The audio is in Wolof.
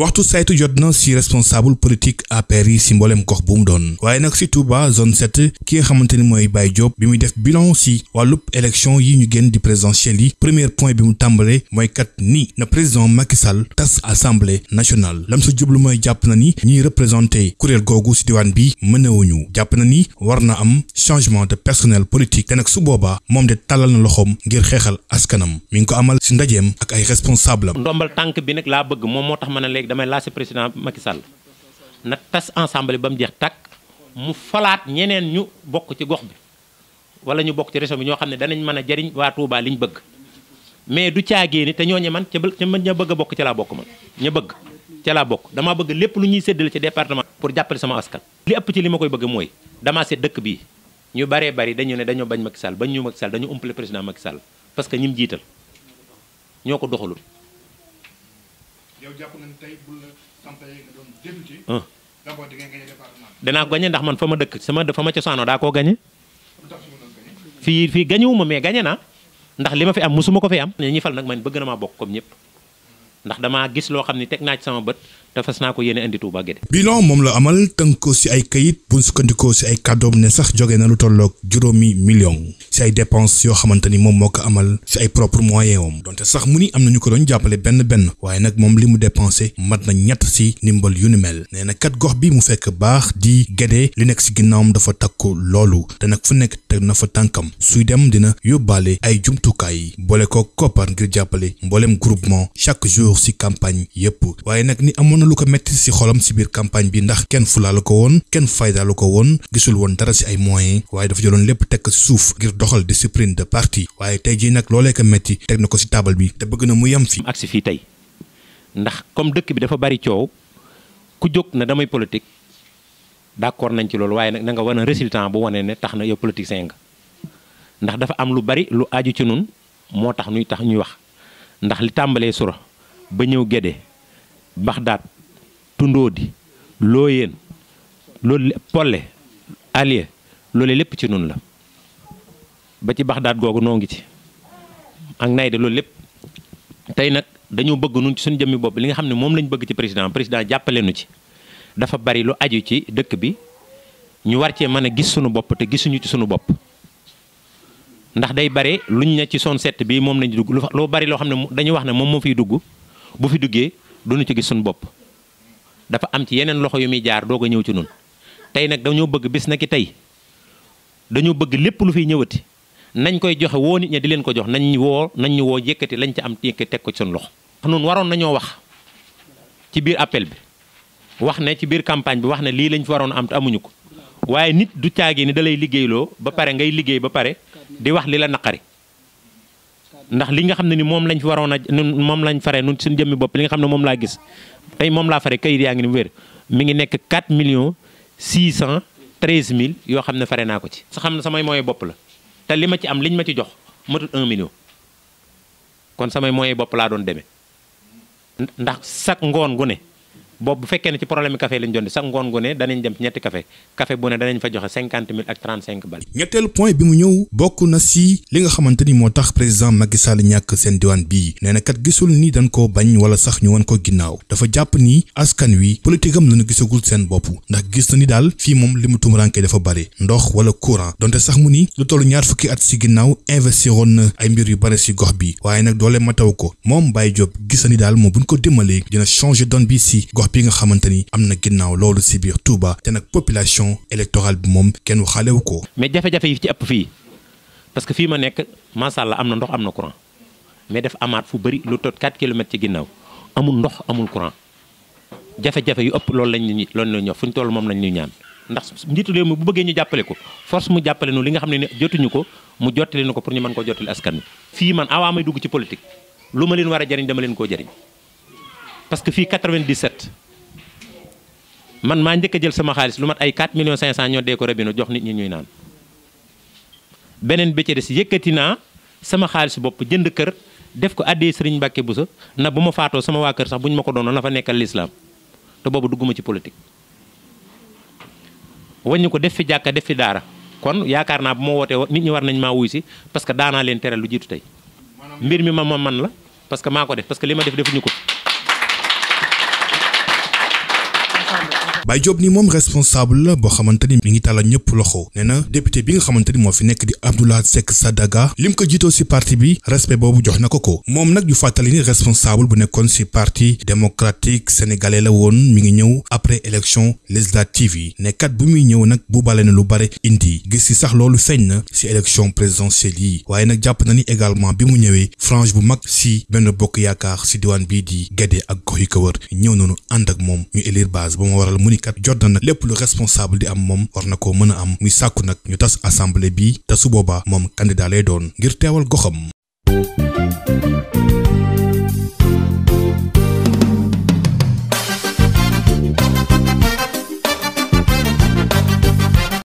waxtu saytu jot na si responsable politique APR yi si gox bu mu doon waaye nag si Touba zone 7 ki nga xamante ni mooy Baye Diop bi muy def bilan si wàllub élection yi ñu génn di présidentielle yi premier point bi mu tàmbalee mooy kat ni na président Macky Sall tas assemblée nationale lam sa jublu mooy jàpp na ni ñiy représenté kuréel googu si diwaan bi mënewuñu jàpp na ni war na am changement de personnel politique te nag su booba moom de tàllal na loxoom ngir xeexal askanam mi ngi ko amal si ndajeem ak ay responsable damay lancé président Macky Sall na tas ensemble ba mu jeex takk mu falaat ñeneen ñu bokk ci gox bi wala ñu bokk ci région bi ñoo xam ne danañ mën a jariñ waa Touba liñ bëgg mais du caagee ni te ñooñu man ca man ña bëgg bokk ca laa bokk man ña bëgg ca laa bokk damaa bëgg lépp lu ñuy séddale ci département pour jàppale sama askan li ëpp ci li ma koy bëgg mooy damaa seet dëkk bii ñu baree bari dañu ne dañoo bañ Macky Sall bañ ñu Macky Sall dañu umpale président Macky Sall parce que ñi mu jiital ñoo ko doxalul yow jàpp ko gagné ndax man fa ma dëkk sama fa ma cosaanoo daa koo gagné. fii fii gagné wu ma mais naa ndax li ma fi am musuma ko fi am. ñi fal nag man bëgg na maa bokk comme ñëpp. ndax damaa gis loo xam ni teg naa ci sama bët te fas naa ko yéene indi Touba Guédé bilan moom la amal tënk ko si ay kayit bu sukkandikoo si ay kàddoom ne sax joge na lu tolloog juróomi million si ay dépenses yoo xamante ni moom moo ko amal si ay propre moyen donte sax mu ni am na ñu ko doon jàppale benn benn waaye nag moom li mu dépensé mat na ñett si ndimbal yu ni mel nee na kat gox bi mu fekk baax di Guédé li nekk si ginnaawam dafa takku loolu te fu nekk teg na fa tànkam suy dem dina yóbbaale ay jumtukaay boole ko koppar jàppale mboolem groupement chaque jour parcours ci campagne yépp waaye nag ni amoon na lu ko metti ci xolam ci biir campagne bi ndax kenn fulaalu ko woon kenn faydaalu ko woon gisul woon dara ci ay moyens waaye dafa jëloon lépp teg ci suuf ngir doxal di discipline de parti waaye tey jii nag loolee ko metti teg na ko ci taabal bi te bëgg na mu yem fi. si fii tey ndax comme dëkk bi dafa bari coow ku jóg na damay politique d'accord nañ ci loolu waaye nag na nga wane résultat bu wanee ne tax na yow politicien nga ndax dafa am lu bari lu aju ci nun moo tax ñuy tax ñuy wax ndax li tàmbalee sura ba ñëw Gédé Baxdaat Tundóodi Looyeen loolu Polle Alié loolu lépp ci nun la ba ci Baxdaat googu noo ngi ci ak nay de loolu lépp tey nag dañu bëgg nun ci suñu jëmmi bopp li nga xam ne moom lañ bëgg ci président président jàppale nu ci dafa bari lu aju ci dëkk bi ñu war cee mën a gis sunu bopp te gisuñu ci sunu bopp ndax day bare ñu ne ci son set bi moom lañ dugg lu bari loo xam ne dañuy wax ne moom moo fiy dugg bu fi duggee duñu ci gis suñu bopp dafa am ci yeneen loxo yu muy jaar doog a ñëw ci nun tey nag dañoo bëgg bis na ki tey dañoo bëgg lépp lu fiy ñëwati nañ koy joxe woo nit ñi di leen ko jox nañ woo nañ ñu woo yëkkati lañ ci am teg ko ci loxo loxo. nun waroon nañoo wax ci biir appel bi wax ne ci biir campagne bi wax ne lii lañ fi waroon am te amuñu ko waaye nit du caagi ni dalay liggéeyloo ba pare ngay liggéey ba pare di wax li la naqari. ndax li nga xam ne ni moom lañ fi waroon a moom lañ fare nun suñu jëmmi bopp li nga xam ne moom laa gis tey moom laa fare kayit yaa ngi ni wér mi ngi nekk 4 millions 600 treize mille yoo xam ne fare naa ko ci sa xam ne samay moyen bopp la te li ma ci am liñ ma ci jox matul un million kon samay moyen bopp laa doon demee ndax sak ngoon gu boobu bu fekkee ne ci problème café lañ doon sax ngoon gu ne danañ dem ci ñetti café café bu ne danañ fa joxe cinquante mille ak trente cinq bal. ñetteelu point bi mu ñëw bokk na si li nga xamante ni moo tax président Macky Sall ñàkk seen diwaan bii nee na gisul ni dan koo bañ wala sax ñu wan ko ginnaaw dafa jàpp ni askan wi politique am lañu gisagul seen bopp ndax gis na ni daal fii moom li mu tumuraanke dafa bare ndox wala courant donte sax mu ni lu toll ñaar fukki at si ginnaaw investiroon na ay mbir yu bare si gox bi waaye nag doole ma taw ko moom Baye Diop gis na ni daal moom buñ ko dimbalee dina changer donne bi si gox gox bi nga xamante ni am na ginnaaw loolu si biir Touba te nag population électorale bi moom kenn waxaalewu ko. mais jafe-jafe yi ci ëpp fii parce que fii ma nekk macha allah am na ndox am na courant mais def amaat fu bëri lu tot 4 kilomètres ci ginnaaw amul ndox amul courant jafe-jafe yu ëpp loolu lañ ñuy loolu fu ñu toll moom lañ ñuy ñaan. ndax njiitu réew mi bu bëggee ñu jàppale ko force mu jàppale nu li nga xam ne jotuñu ko mu jottali nu ko pour ñu mën koo askan fii man avant may dugg ci politique lu leen war a jëriñ dama leen koo jëriñ parce que fii 97 man maa njëkk jël sama xaalis lu mat ay 4 millions 500 ñoo dee ko rabino jox nit ñi ñuy naan beneen bi ci des yëkkati naa sama xaalis bopp jënd kër def ko àddee sëriñ Mbàkke sa na bu ma faatoo sama waa kër sax bu ñu ma ko doonoon na fa nekkal lislaam te boobu dugguma ci politique. waññu ko def fi jàkka def fi daara kon yaakaar naa bu ma wootee nit ñi war nañ maa wuy si parce que daanaa leen tere lu jiitu tey mbir mi ma ma man la parce que maa ko def parce li ma def defuñu ko. Baye Diop ni moom responsable la boo xamante ni ngi tàllal ñëpp loxo nee na député bi nga xamante moo fi nekk di Abdoulaye Seck Sadaga lim ko jiitoo si parti bi respect boobu jox na ko ko moom nag ñu fàttali ni responsable bu nekkoon si parti démocratique sénégalais la woon mi ngi ñëw après élection législative yi nekkat bi muy ñëw nag bu bale na lu bare indi gis si sax loolu feeñ na si élection présidentielle yi waaye nag jàpp na ni également bi mu ñëwee frange bu mag si benn bokk yaakaar si diwaan bii di Guédé ni kat jot na nag lépp lu responsable di am moom war na ko mën a am muy sàkku nag ñu tas assemblée bi te su boobaa moom candidat lay doon ngir teewal goxam